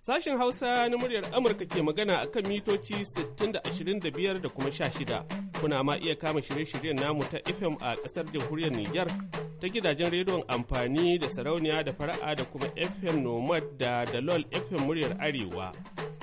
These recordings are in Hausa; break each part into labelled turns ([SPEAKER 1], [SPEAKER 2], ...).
[SPEAKER 1] Sashen Hausa na muryar Amurka ke magana a kan mitoci 60 da kuma shida Kuna ma iya kama shirye-shiryen namu ta FM a ƙasar jamhuriyar Nijar ta gidajen rediyon amfani da sarauniya da fara'a da kuma FM Nomad da Dalol FM muryar Arewa.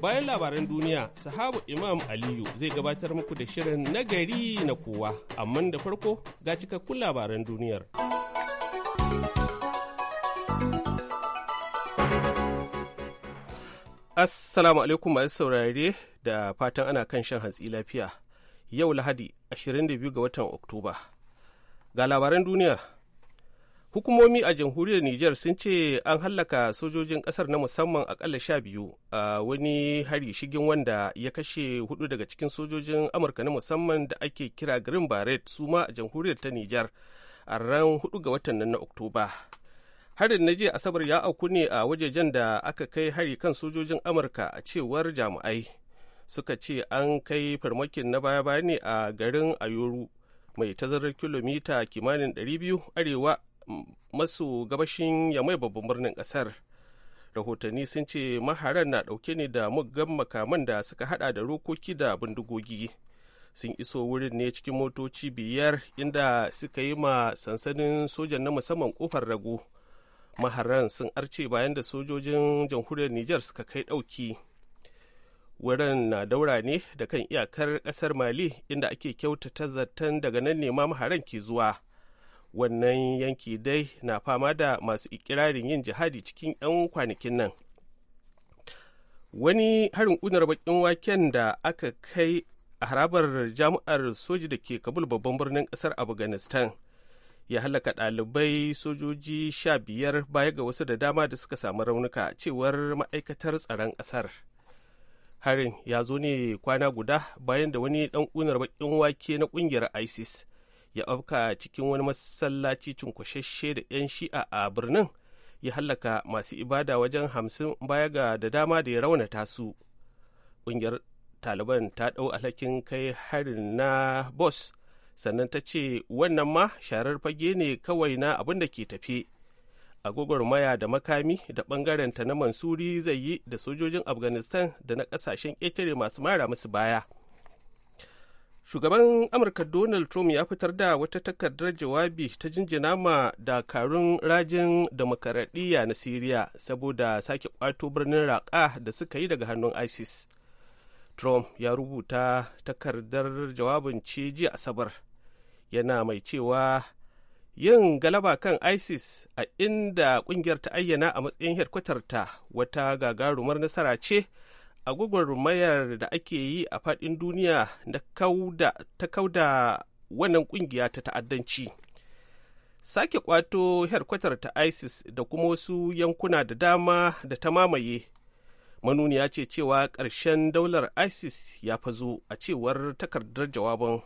[SPEAKER 1] Bayan labaran duniya, sahabu Imam Aliyu zai gabatar muku da shirin nagari na kowa, amma da farko ga cikakkun labaran duniyar. Assalamu alaikum masu saurare da fatan ana kan shan hantsi lafiya. Yau Lahadi 22 ga watan Oktoba. Ga labaran duniya Hukumomi a jamhuriyar Nijar sun ce an hallaka sojojin ƙasar na musamman akalla sha biyu a wani hari shigin wanda ya kashe hudu daga cikin sojojin Amurka na musamman da ake kira Green Beret su ma a jamhuriyar ta Nijar a ran hudu ga watan nan na Oktoba. Harin na jiya Asabar ya auku ne a wajejen da aka kai hari kan sojojin Amurka a cewar jami'ai. Suka ce an kai farmakin na baya-baya ne a garin Ayoru mai tazarar kilomita kimanin 200 arewa maso gabashin yamai babban birnin kasar rahotanni sun ce maharan na dauke ne da muggan makaman da suka hada da rokoki da bindigogi sun iso wurin ne cikin motoci biyar inda suka yi ma sansanin sojan na musamman kofar rago maharan sun arce bayan da sojojin jamhuriyar niger suka kai dauki wurin na daura ne da kan iyakar kasar mali inda ake kyautata zaton daga nan ne ma maharan ke zuwa wannan yanki dai na fama da masu ikirarin yin jihadi cikin 'yan kwanakin nan wani harin ƙunar bakin waken da aka kai a harabar jami'ar soji da ke kabul babban birnin kasar afghanistan ya halaka ɗalibai sojoji sha biyar baya ga wasu da dama da suka samu raunuka cewar ma'aikatar tsaron ƙasar harin ya zo ne kwana guda bayan da wani ɗan ƙunar bakin wake na ƙungiyar isis ya afka cikin wani masallaci cunkushashe da 'yan shi'a a birnin ya hallaka masu ibada wajen hamsin baya ga da dama da ya raunata su ƙungiyar taliban ta ɗau alhakin kai harin na bos sannan ta ce wannan ma sharar fage ne kawai na abin da ke tafe agogor maya da makami da ɓangaren ta na mansuri zai yi da sojojin afghanistan da na ƙasashen ƙetare masu mara musu baya shugaban amurka donald trump ya fitar da wata takardar jawabi ta jinjina ma dakarun rajin demokaradiyya na siriya saboda sake ƙwato birnin raƙa da suka yi daga hannun isis trump ya rubuta takardar jawabin ce jiya asabar yana mai cewa yin galaba kan isis a inda ƙungiyar ta ayyana a matsayin ta wata gagarumar nasara ce a gwagwarmayar da ake yi a faɗin duniya ta kauda wannan ƙungiya ta ta'addanci sake kwato herkwatar ta isis da kuma wasu yankuna da dama da ta mamaye manuniya ce cewa ƙarshen daular isis ya fazo a cewar takardar jawabin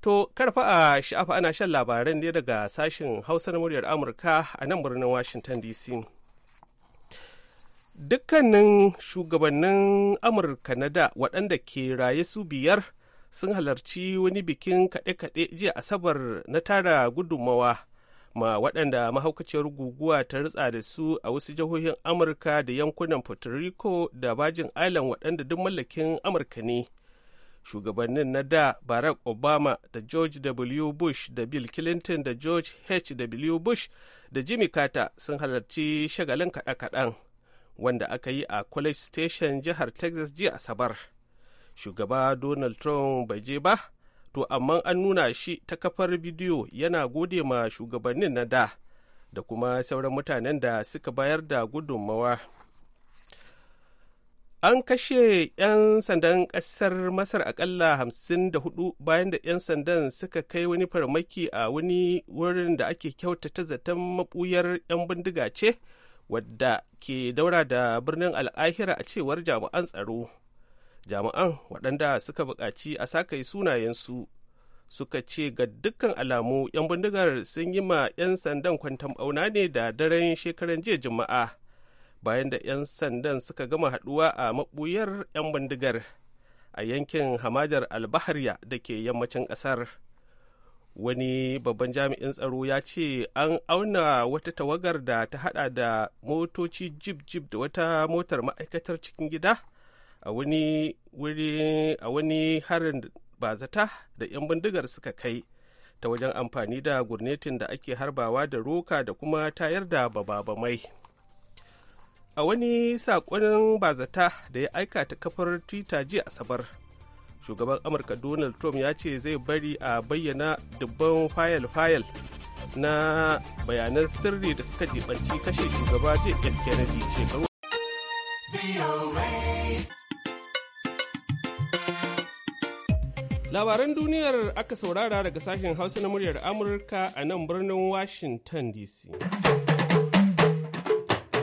[SPEAKER 1] to karfa a sha'afa ana shan labaran ne daga sashen hausa na muryar amurka a nan birnin washington dc dukkanin shugabannin amurka na da waɗanda ke raye su biyar sun halarci wani bikin kaɗe-kaɗe jiya asabar na tara gudunmawa ma waɗanda mahaukaciyar guguwa ta ritsa da su a wasu jihohin amurka da yankunan puerto rico da bajin island waɗanda duk mallakin amurka ne shugabannin na da barack obama da george w bush da bill clinton da george h w bush da jimmy carter sun halarci shagalin kaɗe-kaɗen wanda aka yi a college station jihar texas jiya asabar shugaba donald trump bai je ba to amma an nuna shi ta kafar bidiyo yana gode ma shugabannin na da da kuma sauran mutanen da suka bayar da gudunmawa an kashe 'yan sandan ƙasar masar akalla 54 bayan da 'yan sandan suka kai wani farmaki a wani wurin da ake kyautata zaton mabuyar 'yan bindiga ce wadda ke daura da birnin al'ahira a cewar jami'an tsaro jami'an waɗanda suka buƙaci a kai sunayensu suka ce ga dukkan alamu 'yan bindigar sun yi ma 'yan sandan kwantan ɓauna ne da daren shekaran jiya juma'a bayan da 'yan sandan suka gama haɗuwa a mabuyar 'yan bindigar a yankin hamadar albahariya da ke yammacin ƙasar. wani babban jami'in tsaro ya ce an auna wata tawagar da ta hada da motoci jib jib da wata motar ma'aikatar cikin gida a wani wuri a wani harin bazata da 'yan bindigar suka kai ta wajen amfani da gurnetin da ake harbawa da roka da kuma tayar da bababamai a wani saƙonin bazata da ya aika ta kafar twitter jiya asabar shugaban amurka donald trump ya ce zai bari a bayyana dubban fayil-fayil na bayanan sirri da suka jibanci kashe shugaba jfk kennedy shekaru labaran duniyar aka saurara daga sashen hausa na muryar amurka a nan birnin washington dc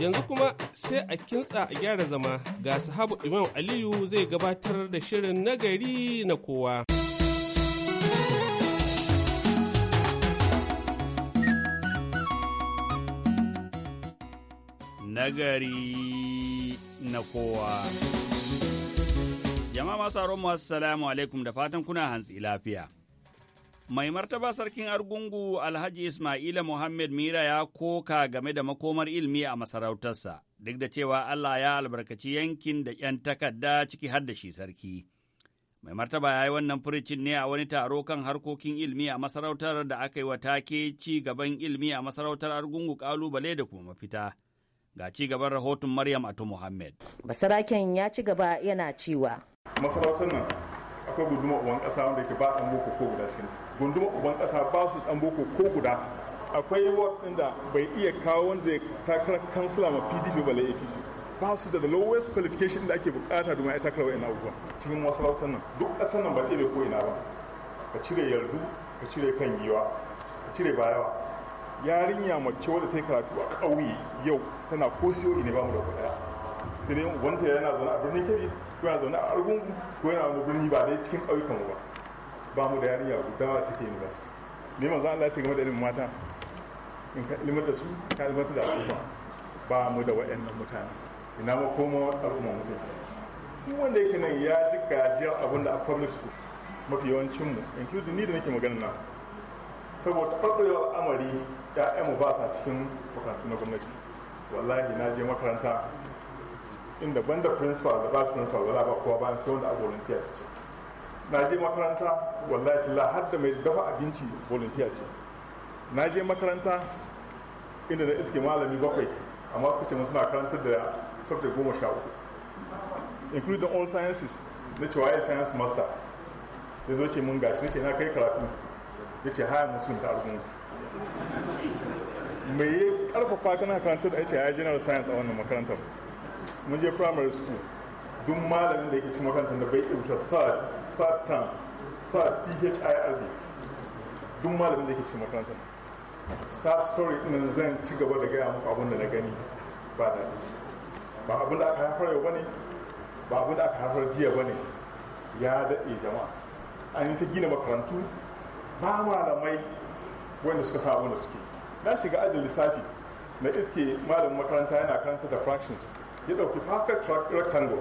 [SPEAKER 1] Yanzu kuma sai a kintsa a gyara zama ga sahabu Imam Aliyu zai gabatar da shirin nagari na kowa. Nagari
[SPEAKER 2] na kowa. Jama'a masu aron wasu salamu alaikum da fatan kuna hantsi lafiya. Mai martaba sarkin Argungu Alhaji Ismaila Muhammad Mira ya koka game da makomar ilmi a masarautarsa, duk da cewa Allah ya albarkaci yankin da ‘yan takarda ciki har da shi sarki. Mai martaba ya yi wannan furicin ne a wani taro kan harkokin ilmi a masarautar da aka yi wa take ci gaban ilmi a masarautar Argungu kalubale da kuma mafita. Ga ci gaban rahoton
[SPEAKER 3] Maryam Atu Muhammad. Basaraken ya ci gaba yana cewa. Masarautar nan akwai gunduma uban kasa wanda ke ba dan boko ko guda cikin gunduma uban kasa ba su dan boko ko guda akwai ward din da bai iya kawo wanda ya takarar kansila ma PDP bale APC ba su da the lowest qualification da ake bukata domin ya takarar wa'annan abubuwa cikin masarautar nan duk ƙasar nan ba ɗebe ko ina ba ka cire yardu ka cire kan giwa ka cire bayawa yarinya mace wadda ta yi karatu a ƙauye yau tana ko siyo e ne ba mu da kuɗaya sai dai wanda yana zaune a birnin kebbi ko yana zaune a argungu ko yana wani birni ba dai cikin ƙauyukan ba ba mu da yarinya guda take university ne manzo Allah ce game da ilimin mata in ka ilimin da su ka ilimin da su ba mu da waɗannan mutane ina ma koma al'umma mutane duk wanda yake nan ya ji gajiyar abin da a public school mafi yawancin mu include ni da nake magana na saboda farkoyar amari ya'yanmu ba sa cikin makarantu na gwamnati wallahi na je makaranta inda banda principal da vice principal wala ba kowa ba sai wanda a volunteer ta ce na je makaranta wallahi tilla har da mai dafa abinci volunteer ce na je makaranta inda na iske malami bakwai amma suka ce suna karantar da subject goma sha uku including all sciences na cewa ya science master ya zo ce mun gashi na ce na kai karatu ya ce haya musulun ta argungu mai ya karfafa kana karantar da ya ce ya general science a wannan makarantar mun je primary school duk malamin da yake cikin makaranta da bai wuce third third term third phirb duk malamin da yake cikin makaranta. sad story ɗin zan ci gaba da gaya muku abin da na gani ba da ba abin da aka haifar yau bane ba abin da aka haifar jiya bane ya daɗe jama'a an yi ta gina makarantu ba malamai wanda suka sa abin da suke na shiga ajin lissafi na iske malamin makaranta yana karanta da fractions ya ɗauki fakar rectangle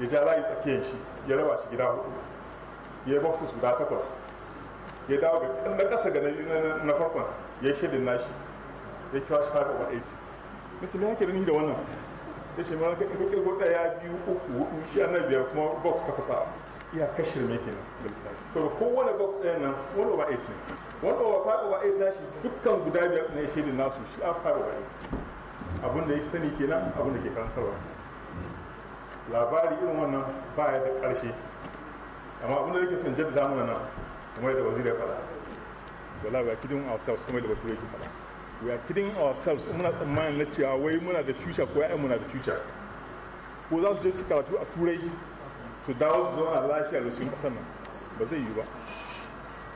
[SPEAKER 3] ya ja layi tsakiyar shi ya raba shi gida hudu ya yi boxes guda takwas ya dawo ga na ƙasa ga na farkon ya yi shedin nashi ya kira shi 5 over 8 nasu me yake da ni da wannan ya ce mana kai kai ko ya biyu uku hudu shi ana biyar kuma box ka kasa iya kashir mai kenan da misali so kowane box ɗaya nan 1 over 8 ne 1 over 5 over 8 nashi dukkan guda biyar na ya shedin nasu shi a 5 over 8 abin da ya sani kenan abin da ke karantarwa labari irin wannan ba ya da ƙarshe amma abin da yake son jaddada mana nan kuma da wazir ya fara wala we a kidding ourselves kuma da bature ya faɗa we are kidding ourselves muna tsammanin na cewa wai muna da future ko ya'yan muna da future ko za su je su karatu a turai su dawo su zauna lafiya da cikin ƙasar nan ba zai yi ba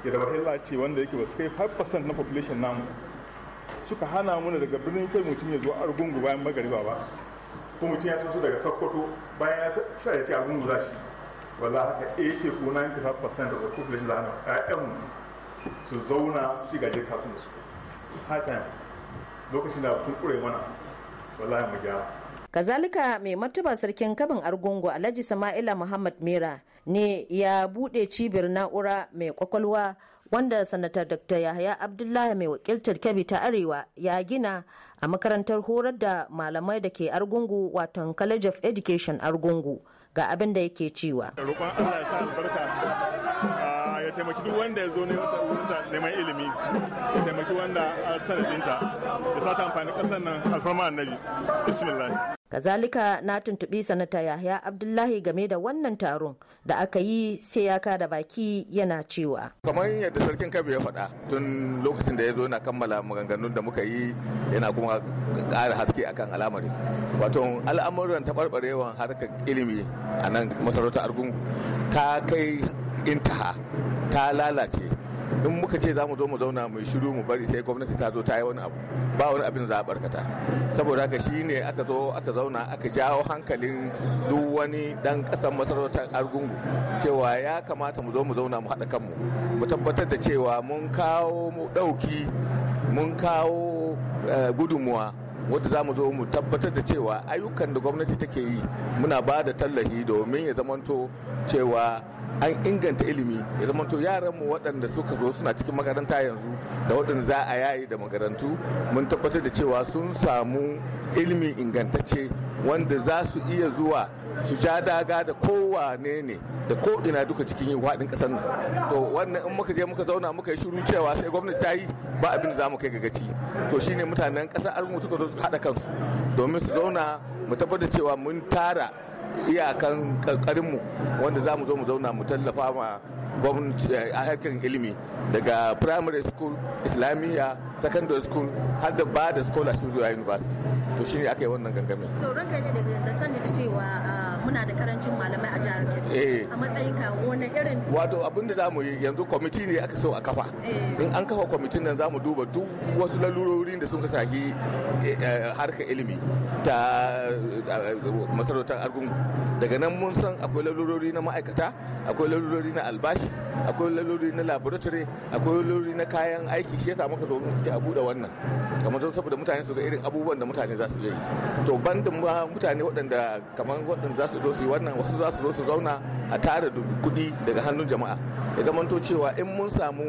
[SPEAKER 3] ya da wahala ce wanda yake ba su kai 5% na population namu suka hana mana daga birnin kai mutum ya zo argungu bayan magariba ba ko mutum ya so daga sokoto bayan ya sa ya ce argungu za shi wala haka 80 ko 95% daga the population da hana ƴaƴan su zauna su ci jirka kafin su satan lokacin da tun kure mana wallahi mu gyara kazalika mai martaba sarkin kabin argungu alhaji sama'ila muhammad mera ne ya bude cibiyar na'ura mai kwakwalwa wanda sanatar dr yahaya abdullahi mai wakiltar kebbi ta arewa ya gina a makarantar horar da malamai da ke argungu watan college of education argungu ga abin da yake cewa ah, ya taimaki duk wanda ya zo ne wata neman ilimi ya taimaki wanda a sanadinta ya sata amfani kasar nan alfarma annabi bismillah kazalika na tuntubi sanata yahya abdullahi game da wannan taron da aka yi sai ya kada baki yana cewa
[SPEAKER 4] kamar yadda sarkin kabe ya faɗa tun lokacin da ya zo yana kammala maganganun da muka yi yana kuma ƙara haske akan al'amari wato al'amuran taɓarɓarewan harkar ilimi a nan masarautar argun ta kai intaha ta lalace in muka ce za mu zo mu zauna mu shiru mu bari sai gwamnati ta zo ta yi wani abu ba wani abin za a barkata saboda haka shi ne aka zo aka zauna aka jawo hankalin duk wani dan kasan masarautar argungu cewa ya kamata mu zo mu zauna mu haɗa kanmu mu tabbatar da cewa mun kawo mu ɗauki mun kawo eh, gudunmuwa wadda za mu zo mu tabbatar da cewa ayyukan da gwamnati take yi muna ba da tallafi domin ya zamanto cewa an inganta ilimi ya zama to yaran mu waɗanda suka zo suna cikin makaranta yanzu da waɗanda za a yayi da makarantu mun tabbatar da cewa sun samu ilimi ingantacce wanda za su iya zuwa su ja daga da kowane ne da ko ina duka cikin yin faɗin ƙasar nan to wannan in muka je muka zauna muka yi shiru cewa sai gwamnati ta yi ba abin da za mu kai gagaci to shine mutanen ƙasar armu suka zo su haɗa kansu domin su zauna mu tabbatar da cewa mun tara iyakan ƙarƙarinmu wanda za mu zo mu zauna mu tallafa ma gwamnati eh, a harkar ilimi daga primary school islamiyya secondary school har da ba da scholarship zuwa university to shine aka yi wannan gangamin.
[SPEAKER 3] so ne da da cewa ah, muna da karancin malamai a jihar Kebbi eh. a matsayin ka wani irin
[SPEAKER 4] wato abin da zamu yi yanzu kwamiti ne aka so a kafa eh. in an kafa kwamitin nan zamu duba duk wasu lalurorin da sun shafi eh, harkar ilimi ta masarautar argungu daga nan mun san akwai lalurori na ma'aikata akwai lalurori na albashi akwai lalurori na laboratory akwai lalurori na kayan aiki shi yasa muka zo ce a buɗe wannan kamar don saboda mutane su ga irin abubuwan da mutane za su yi to bandin mutane waɗanda kamar waɗanda za su zo su yi wannan wasu za su zo su zauna a tara kuɗi daga hannun jama'a ya to cewa in mun samu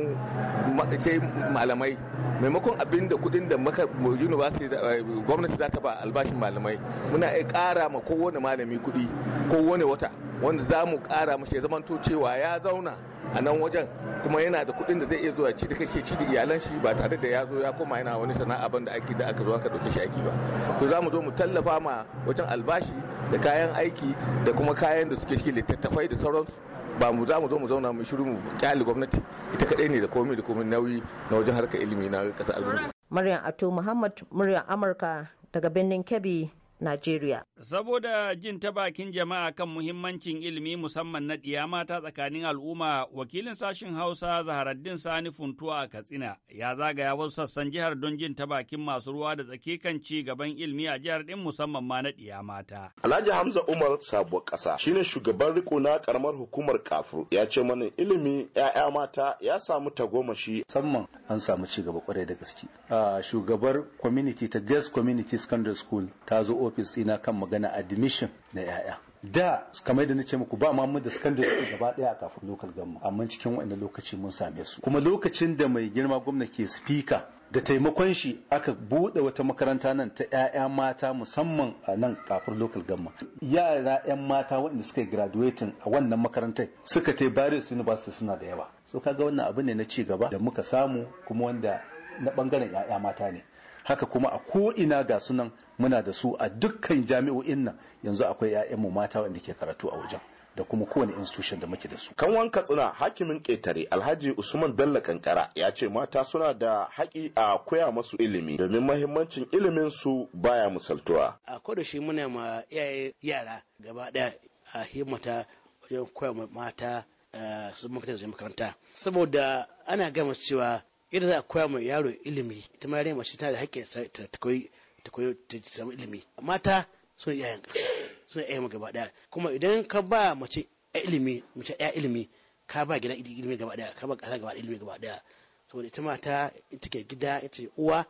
[SPEAKER 4] malamai maimakon abin da kuɗin da maka eh, gwamnati za ta ba albashin malamai muna iya ƙara ma kowane malami kuɗi kowane wata wanda za mu ƙara mashi ya zamanto cewa ya zauna a nan wajen kuma yana da kuɗin da zai iya zuwa ci da kashe ci da iyalan shi ba tare da ya zo ya koma yana wani sana'a ban da aiki da aka zo aka ɗauke shi aiki ba to za mu zo mu tallafa ma wajen albashi da kayan aiki da kuma kayan da suke shi littattafai da sauransu ba mu za mu zo mu zauna mu shiru mu kyale gwamnati ita kadai ne da komai da komai nauyi na wajen harkar ilimi na ƙasar
[SPEAKER 3] Maryam Ato Muhammad muryar Amurka daga birnin Kebbi Najeriya.
[SPEAKER 2] Saboda jin ta bakin jama'a kan muhimmancin ilimi musamman na ɗiya mata tsakanin al'umma, wakilin sashen Hausa Zaharaddin Sani Funtuwa a Katsina ya zagaya wasu sassan jihar don jin ta bakin masu ruwa da tsaki kan ci gaban ilimi a jihar ɗin musamman ma na ɗiya mata.
[SPEAKER 5] Alhaji Hamza Umar sabuwar ƙasa shine shugaban riko na karamar hukumar kafur ya ce mana ilimi ‘ya'ya mata ya samu tagomashi. Musamman an samu ci gaba kwarai da gaske. Ah, shugabar community ta Guest Community Secondary School ta zo ofis ina kan magana admission na 'ya'ya da kamar da nace muku ba ma mu da secondary school gaba daya a kafin local government amma cikin wannan lokaci mun same su kuma lokacin da mai girma gwamna ke speaker da taimakon shi aka bude wata makaranta nan ta 'ya'ya mata musamman a nan kafin local government yara 'yan mata waɗanda suka graduating a wannan makarantar suka tai bares university suna da yawa so kaga wannan abu ne na ci gaba da muka samu kuma wanda na bangaren 'ya'ya mata ne haka kuma a ko'ina ga sunan muna da su a dukkan jami'o'in nan yanzu akwai mu mata wanda ke karatu a wajen da kuma kowane institution da muke da su. Kanwan Katsina hakimin ƙetare Alhaji Usman Bello Kankara ya ce mata suna da haƙi a koya masu ilimi domin mahimmancin ilimin su baya misaltuwa.
[SPEAKER 6] A da shi muna ma iyaye yara gaba ɗaya a himmata wajen koya mata eh, su makaranta su makaranta saboda ana gama cewa yadda za a koya ma yaro ilimi ita ma yare mace tana da haƙƙin ta koyi ta koyi ta samu ilimi mata suna iyayen ƙasa suna iyayen gaba ɗaya kuma idan ka ba mace ilimi mace ya ilimi ka ba gida ilimi gaba ɗaya ka ba ƙasa gaba ilimi gaba ɗaya saboda ita mata ita ke gida ita uwa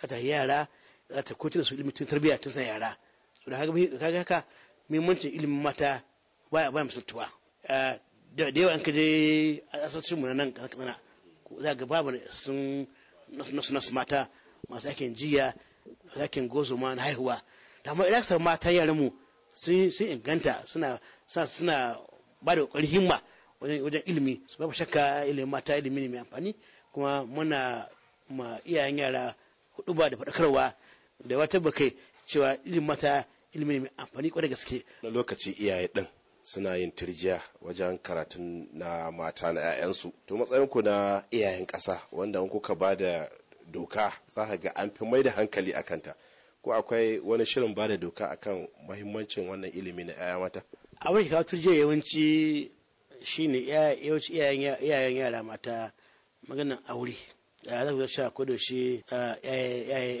[SPEAKER 6] za ta yara za ta koyar da su ilimi tun tarbiyya tun san yara so da kaga haka muhimmancin ilimin mata baya baya misaltuwa eh, da yawa an kaje asasin mu nan kana za ga babu sun nasu mata masu aikin jiya aikin gozo ma na haihuwa da amma idan sa matan yaran mu sun inganta suna suna ba da kokarin himma wajen ilimi su babu shakka ilimin mata ilimi ne mai amfani kuma muna ma iyayen yara hudu ba da faɗakarwa da wata bakai cewa ilimin mata ilimi ne mai amfani kwarai gaske lokaci iyaye din suna yin turjiya wajen karatun na
[SPEAKER 5] mata na 'ya'yansu to matsayin ku na iyayen ƙasa wanda in kuka ba da doka za ka ga an fi mai da hankali a kanta ko akwai wani shirin ba da doka a kan mahimmancin wannan ilimi na 'ya'ya mata
[SPEAKER 6] A wani ka turjiya yawanci shi ne iyayen yara mata maganin aure da za ku sha ko da shi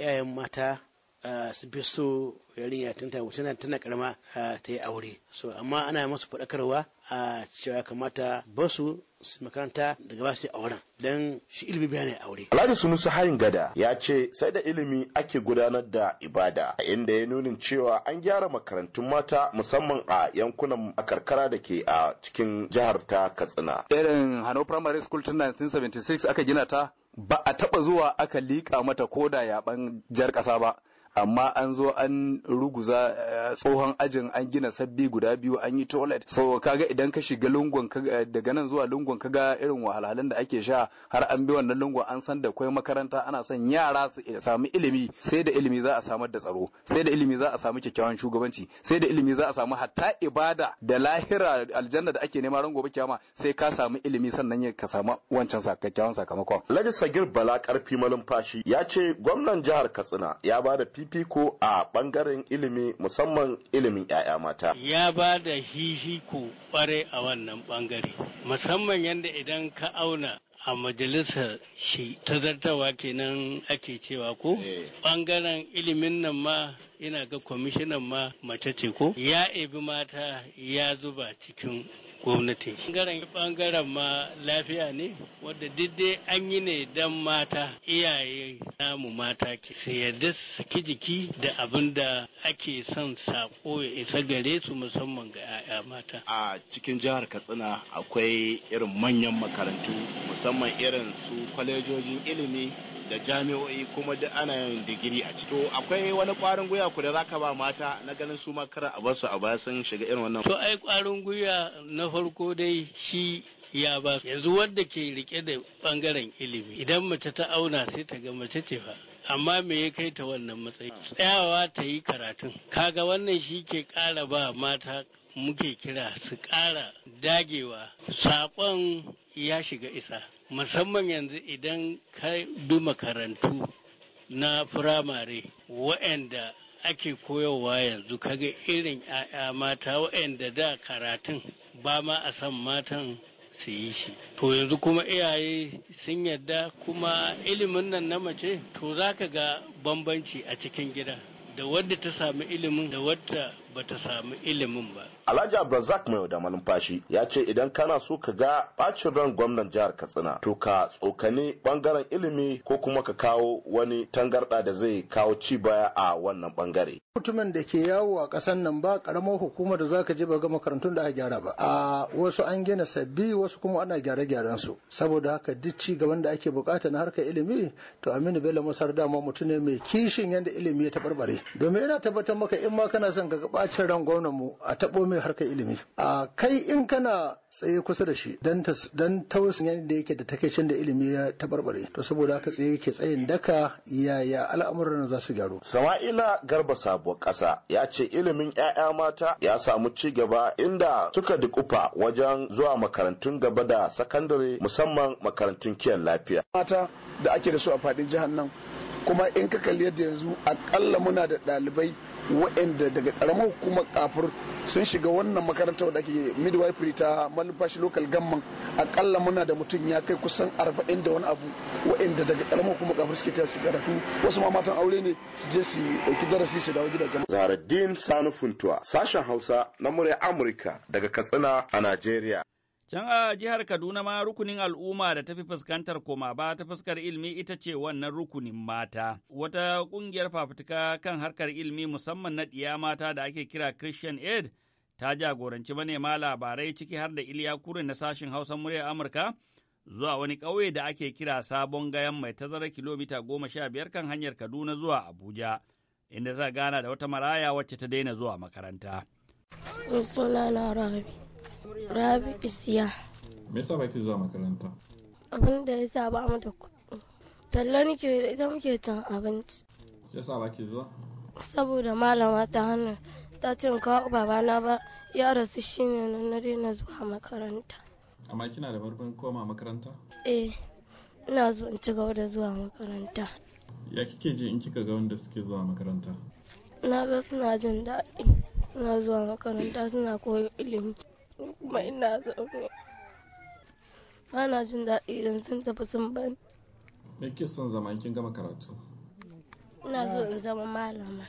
[SPEAKER 6] yayan mata Eh, su fi yarinya tun ta tana tana karama eh, ta yi aure so amma ana masu faɗakarwa a eh, cewa kamata basu su makaranta daga ba su auren don shi ilimi biya ne aure.
[SPEAKER 5] Alhaji Sunusu Hayin Gada ya ce sai da ilimi ake gudanar da ibada a inda ya nunin cewa an gyara makarantun mata musamman a yankunan a karkara da ke a cikin jihar ta Katsina. Irin Hano Primary School tun 1976 aka gina ta ba a taɓa zuwa aka liƙa mata koda yaban jar ƙasa ba. amma an zo an ruguza eh, tsohon ajin an gina sabbi guda biyu an yi toilet so kaga idan ka shiga lungon eh, daga nan zuwa lungon kaga irin wahalhalun da ake sha har an bi wannan lungon an san da kwai makaranta ana son yara su eh, samu ilimi sai da ilimi za a samar da tsaro sai da ilimi za a samu kyakkyawan shugabanci sai da ilimi za a samu hatta ibada da lahira aljanna da ake nema ran gobe kiyama sai ka samu ilimi sannan ka samu wancan sakakkyawan sakamakon. Ladi Sagir Bala Karfi Malumfashi ya ce gwamnan jihar Katsina ya bada da fifiko a bangaren ilimi musamman ilimin 'ya'ya mata.
[SPEAKER 7] Ya ba da hihiko kware a wannan bangare, musamman yadda idan ka auna a majalisar shi ta zartawa kenan ake cewa ko bangaren eh. ilimin nan ma ina ga kwamishinan ma mace ce ko ya ebi mata ya zuba cikin gwamnati. Bangaren bangaren ma lafiya ne wadda dai an yi ne don mata iyaye namu mata ke su yarda saki jiki da abin da ake son sako ya isa gare su musamman ga
[SPEAKER 5] 'ya'ya mata. A cikin jihar Katsina akwai irin manyan makarantu musamman irin su kwalejojin ilimi da jami'o'i kuma duk ana yin digiri a ciki. To akwai wani kwarin gwiwa ku da za ka ba mata na ganin su makara a basu a baya sun shiga irin wannan.
[SPEAKER 7] To ai kwarin gwiwa na farko dai shi ya ba yanzu wanda ke rike da bangaren ilimi idan mace ta auna sai ta ga mace ce fa amma me ya kai ta wannan matsayi tsayawa ta yi karatun kaga wannan shi ke kara ba mata muke kira su kara dagewa saƙon ya shiga isa musamman yanzu idan ka bi makarantu na firamare waɗanda ake koyarwa yanzu kaga irin 'ya'ya mata waɗanda da karatun ba ma a san matan su yi shi to yanzu kuma iyaye sun yadda kuma ilimin nan na mace to za ka ga bambanci a cikin gida da wadda ta sami ilimin da wadda bata samu ilimin ba.
[SPEAKER 5] Alhaji Abdulrazak mai da malumfashi ya ce idan kana so ka ga bacin ran gwamnan jihar Katsina to ka tsokani bangaren ilimi ko kuma ka kawo wani tangarɗa da zai kawo ci baya a wannan bangare. Mutumin da ke yawo a ƙasar nan ba karamar hukumar da zaka je ba ga makarantun da aka gyara ba. A wasu an gina sabbi wasu kuma ana gyare-gyaren su. Saboda haka duk ci gaban da ake bukata na harkar ilimi to Aminu Bello Masar dama mutum ne mai kishin yadda ilimi ya taɓarɓare. Domin ina tabbatar maka in ma kana son ka ga a cin ran mu a taɓo mai harkar ilimi a kai in kana tsaye kusa da shi don tausin da yake da takaicin da ilimi ya tabarbare to saboda haka tsaye yake tsayin daka yaya al'amuran za su gyaru sama'ila garba sabuwar ƙasa ya ce ilimin 'ya'ya mata ya samu ci gaba inda suka dukufa wajen zuwa makarantun gaba da sakandare musamman makarantun kiyan lafiya mata da ake da su a faɗin jihar nan kuma in ka kalli yadda yanzu akalla muna da ɗalibai waɗanda daga ƙaramar hukumar kafur sun shiga wannan makarantar da ake midwifery ta manufashi local gamman akalla muna da mutum ya kai kusan arba'in da wani abu waɗanda daga ƙaramar hukumar kafur suke tashi karatu wasu ma matan aure ne su je su ɗauki darasi su dawo gidajen. Zaharaddin Sani Funtuwa sashen Hausa na murya Amurka daga Katsina a Najeriya.
[SPEAKER 2] Can a jihar Kaduna ma rukunin al'umma da tafi fuskantar koma ba ta fuskar ilimi ita ce wannan rukunin mata. Wata ƙungiyar fafutuka kan harkar ilmi musamman na ɗiya mata da ake kira Christian Aid ta jagoranci manema labarai ciki har da Iliya Kure na sashen Hausa muryar Amurka zuwa wani ƙauye da ake kira Sabon Gayan mai tazara kilomita goma sha biyar kan hanyar Kaduna zuwa Abuja, inda za gana da wata maraya wacce ta daina zuwa makaranta.
[SPEAKER 7] Rabi Isiya.
[SPEAKER 2] Me yasa ba
[SPEAKER 8] ki zuwa makaranta?
[SPEAKER 7] Abin da ya sa ba mu da kuɗi. Talla nake da ita muke cin abinci.
[SPEAKER 8] ya yasa ba ki zuwa?
[SPEAKER 7] Saboda malama ta hannu ta ce in kawo babana ba ya rasu shine ne na na zuwa makaranta.
[SPEAKER 8] Amma kina da marfin koma makaranta?
[SPEAKER 7] Eh, ina zo in ci gaba da zuwa makaranta.
[SPEAKER 8] Ya kike ji in kika ga wanda suke zuwa makaranta?
[SPEAKER 7] Na ga suna jin daɗi. Suna zuwa makaranta suna koyo ilimi. kuma ina zaune ba jin daɗi don sun tafi sun bani
[SPEAKER 8] me kike son zama kin gama karatu
[SPEAKER 9] ina so in zama malama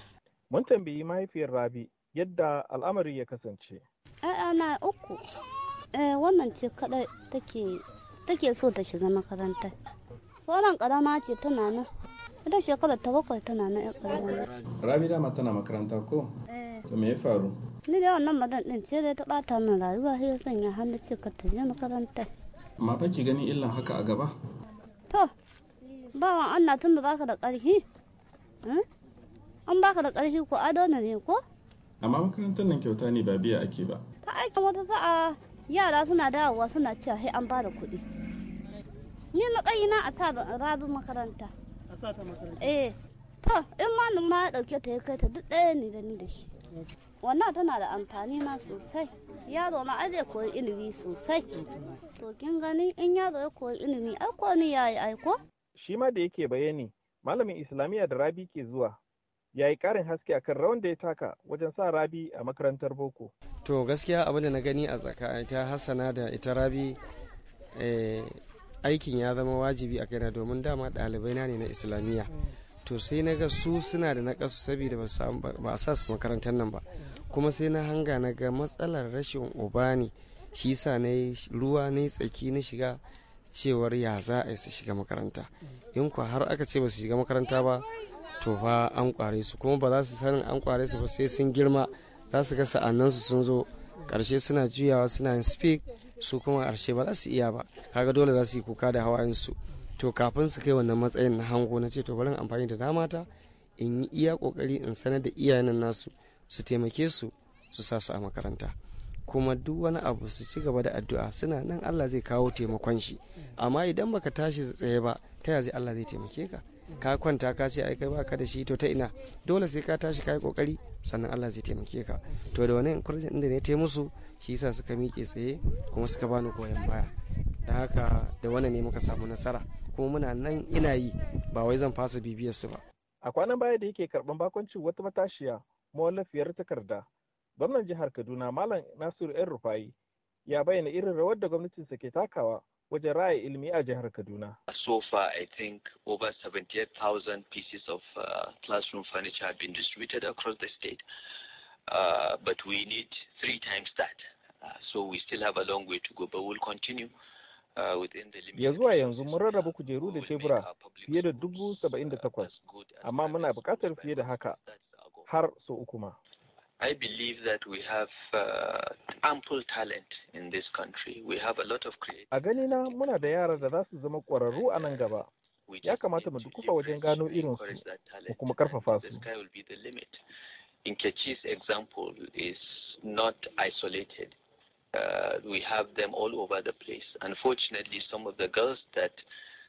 [SPEAKER 8] mun tambayi mahaifiyar rabi yadda al'amari ya kasance
[SPEAKER 9] na uku eh, wannan ce kadai take take so ta shiga makaranta sauran karama ce tana nan ita shekarar ta bakwai tana nan yan karama
[SPEAKER 8] rabi dama tana makaranta ko eh. to me ya faru
[SPEAKER 9] ni da wannan madan din sai dai ta bata min rayuwa sai ya sanya hannu ce ka tafi makaranta
[SPEAKER 8] ma ba ki ganin illan haka a gaba
[SPEAKER 9] to bawan Allah tun da baka da ƙarfi an eh? baka da ƙarfi ko ado ne ko
[SPEAKER 8] amma makarantar nan kyauta ne ba biya ake ba
[SPEAKER 9] ta aikin wata sa'a yara suna dawowa suna cewa sai an bada kuɗi ni matsayi na a sa rabin makaranta a sa ta makaranta eh to in ma ma ya ɗauke ta ya kai ta duk ɗaya ne da ni da shi wannan tana da amfani ma sosai yaro ma koyi ilimi sosai to kin gani in yaro ya koyi ilimi ai ko ni yayi aiko
[SPEAKER 8] shi ma da yake bayani malamin islamiyya da rabi ke zuwa ya yi ƙarin haske akan rawan da ya taka wajen sa rabi a makarantar boko
[SPEAKER 10] to gaskiya abin da na gani a tsakanin ta hassana da ita rabi eh, aikin ya zama wajibi a kaina domin dama ɗalibai na ne na islamiyya to sai na ga su suna da nakasu saboda ba a sa su makarantar nan ba kuma sai na hanga na ga matsalar rashin uba ne shi sa na yi ruwa na yi tsaki na shiga cewar ya za a yi su shiga makaranta in kuwa har aka ce ba su shiga makaranta ba to fa an kware su kuma ba za su sanin an kware su ba sai sun girma za su ga sa'annan su sun zo karshe suna juyawa suna yin speak su kuma karshe ba za su iya ba kaga dole za su yi kuka da hawayensu su to kafin su kai wannan matsayin na hango na ce to bari amfani da dama ta in yi iya kokari in sanar da iyayen nasu su taimake su su sa su a makaranta kuma duk wani abu su ci gaba da addu'a suna nan Allah zai kawo taimakon shi amma idan baka tashi tsaye ba ta yaya Allah zai taimake ka ka kwanta ka ce ai kai baka da shi to ta ina dole sai ka tashi kai kokari sannan Allah zai taimake ka to da wani encouragement inda ne taimu su shi yasa suka miƙe tsaye kuma suka bani goyon baya da haka da wannan ne muka samu nasara kuma muna nan ina yi ba wai zan fasa bibiyar su ba
[SPEAKER 8] a kwanan baya da yake karɓar bakoncin wata matashiya mawallafiyar takarda gwamnan jihar kaduna malam nasiru yan Rufai ya bayyana irin rawar da gwamnatinsa ke takawa wajen ra'ayi ilimi a jihar Kaduna.
[SPEAKER 4] So far, I think over 78,000 pieces of uh, classroom furniture have been distributed across the state, uh, but we need three times that. Uh, so we still have a long way to go, but we'll continue. Uh,
[SPEAKER 8] ya zuwa yanzu mun rarraba kujeru da tebura fiye da dubu uh, saba'in da takwas amma muna buƙatar fiye da haka har sau uku ma
[SPEAKER 4] I believe that we have uh, ample talent in this country. We have a lot of creative.
[SPEAKER 8] A ganina muna da yara da za su zama ƙwararru a nan gaba. Ya kamata mu dukufa wajen gano irin su mu kuma karfafa su.
[SPEAKER 4] Nkechi's example is not isolated. uh, we have them all over the place. Unfortunately, some of the girls that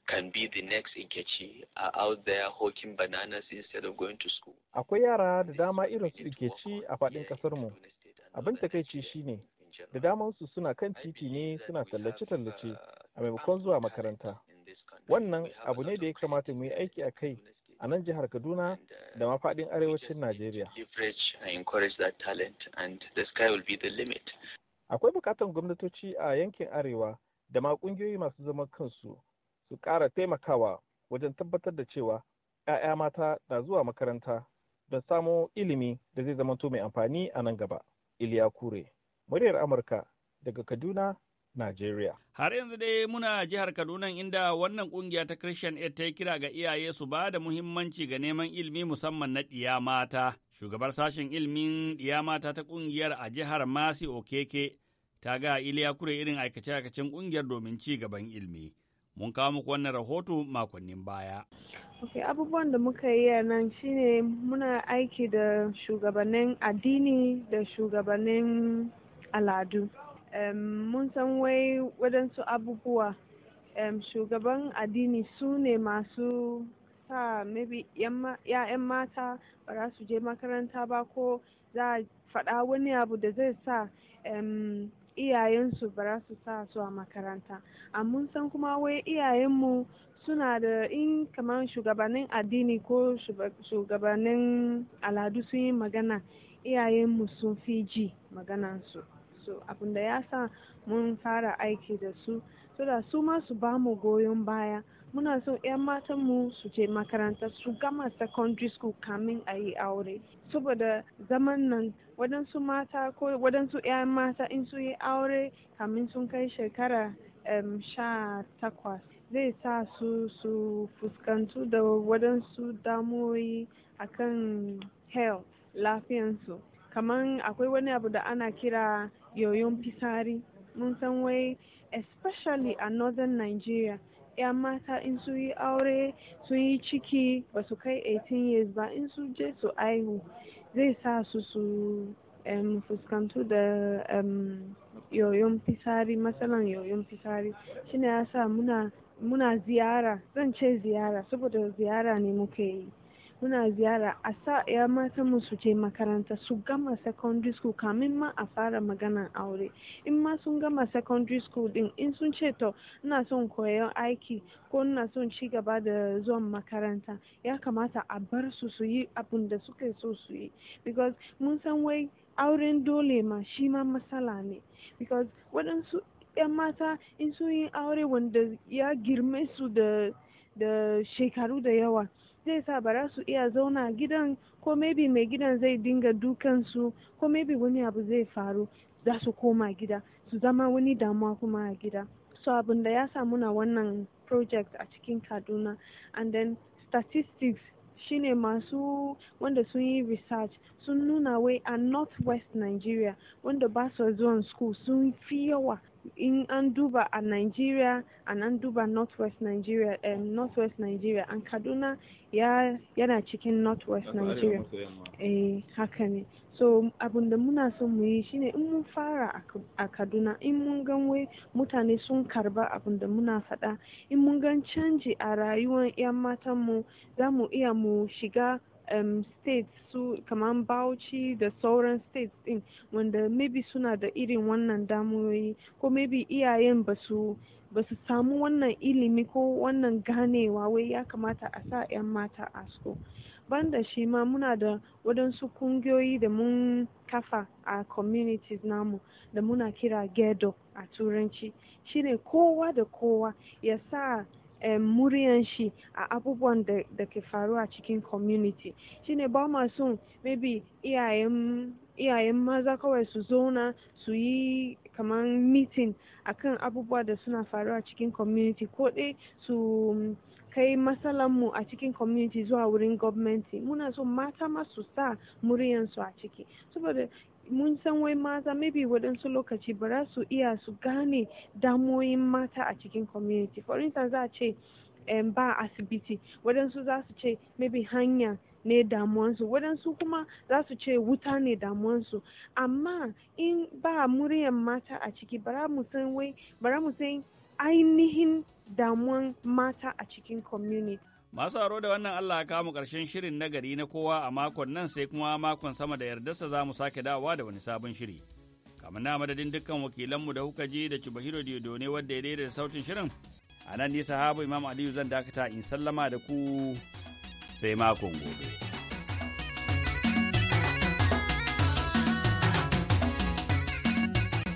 [SPEAKER 4] can be the next Ikechi are out there hawking bananas instead of going to school.
[SPEAKER 8] Akwai yara da dama irin su Ikechi a faɗin ƙasarmu. Abin takaici shine da damansu suna kan titi ne suna tallace-tallace uh, a maimakon zuwa makaranta. Wannan abu ne da ya kamata mu yi aiki a kai a nan jihar Kaduna uh, da faɗin arewacin Najeriya. akwai bukatar gwamnatoci a yankin arewa da ma kungiyoyi masu zaman kansu su ƙara taimakawa wajen tabbatar da cewa 'ya'ya mata na zuwa makaranta don samo ilimi da zai zamanto mai amfani a nan gaba iliya kure muryar amurka daga kaduna Najeriya.
[SPEAKER 2] Har yanzu dai muna jihar Kaduna inda wannan kungiya ta Christian Aid ta kira ga iyaye su ba da muhimmanci ga neman ilimi musamman na ɗiya mata. Shugabar sashen ilimin ɗiya mata ta kungiyar a jihar Masi Okeke ta ga Iliya Kure irin aikace-aikacen kungiyar domin ci gaban ilimi. Mun kawo muku wannan rahoto makonnin baya.
[SPEAKER 11] Okay, abubuwan da muka yi a nan shine muna aiki da shugabannin addini da shugabannin al'adu. mun san wai waɗansu abubuwa shugaban addini su ne masu sa maybe ya'yan mata ba su je makaranta ba ko za a faɗa wani abu da zai sa iyayensu ba za su sa su a makaranta mun san kuma wai iyayenmu suna da in kamar shugabannin addini ko shugabannin al'adu sun yi magana iyayenmu sun fi ji maganansu su abinda ya sa mun fara aiki da su so da su ma su ba mu goyon baya muna so 'yan matan mu su je makaranta su gama secondary school kamin a yi aure saboda zaman nan waɗansu mata ko waɗansu 'yan mata in su yi aure kamin sun kai shekara sha takwas zai sa su su fuskantu da waɗansu damuwoyi akan health lafiyansu kamar akwai wani abu da ana kira yoyon fisari mun san wai especially a northern nigeria ya mata in su yi aure sun yi ciki ba su kai 18 years ba in su je su aihu zai sa su su um, fuskantu da yoyon fisari matsalan yoyon fisari shine ya sa muna muna ziyara zan ce ziyara saboda ziyara ne muke yi muna ziyara a sa ya mata musu je makaranta su gama secondary school kamin ma a fara maganan aure in ma sun gama secondary school din in sun ce to ina son koyon aiki ko ina son ci gaba da zuwan makaranta ya kamata a bar su su yi abin da suke so su yi because mun san wai auren dole ma shi ma matsala ne because waɗansu 'yan mata in sun yi aure wanda ya girme su da shekaru da yawa zai sa ba za su iya zauna gidan ko maybe mai gidan zai dinga su ko maybe wani abu zai faru za su koma gida su zama wani damuwa kuma a gida so abin da ya sa muna wannan project a cikin kaduna and then statistics shine masu wanda sun yi research sun nuna wai a north west nigeria wanda ba su zuwan school sun fi yawa in an duba a Nigeria and an duba northwest Nigeria um, northwest Nigeria and Kaduna ya yana cikin northwest Nigeria eh haka ne so abin da muna so mu yi shine in mun fara a Kaduna in mun gan wai mutane sun karba abin da muna faɗa in mun gan canji a rayuwar 'yan matan mu za mu iya mu shiga um, states su kamar bauchi da sauran states din wanda maybe suna da irin wannan damuwoyi ko maybe iyayen ba su ba su samu wannan ilimi ko wannan ganewa wai ya kamata a sa 'yan mata a Ban banda shi ma muna da waɗansu kungiyoyi da mun kafa a communities namu da muna kira ghetto a turanci shine kowa da kowa ya sa Eh, muryan shi a abubuwan da ke faruwa cikin community shine ba ma sun maybe iyayen maza kawai su zauna su yi kamar meeting akan abubuwa da suna faruwa cikin community ko dai su kai mu a cikin community zuwa wurin gwamnati muna so mata ma su sa muryansu a ciki saboda mun san wai maza maybe waɗansu lokaci ba za su iya su gane damoyin mata a cikin community for instance za a ce ba asibiti waɗansu za su ce maybe hanya ne damuwansu waɗansu kuma za su ce wuta ne damuwansu amma in ba muryan mata a ciki bara mu san wai bara mu san ainihin damuwan mata a cikin community
[SPEAKER 2] Masu haro da wannan Allah ka mu ƙarshen shirin na gari na kowa a makon nan sai kuma makon sama da yardarsa za mu sake dawowa da wani sabon shiri. Kamar na madadin dukkan wakilanmu da kuka ji da Cibahiro Diodo ne wadda ya daida da sautin shirin. A nan ni sahabu Imam Aliyu zan dakata in sallama da ku sai makon
[SPEAKER 1] gobe.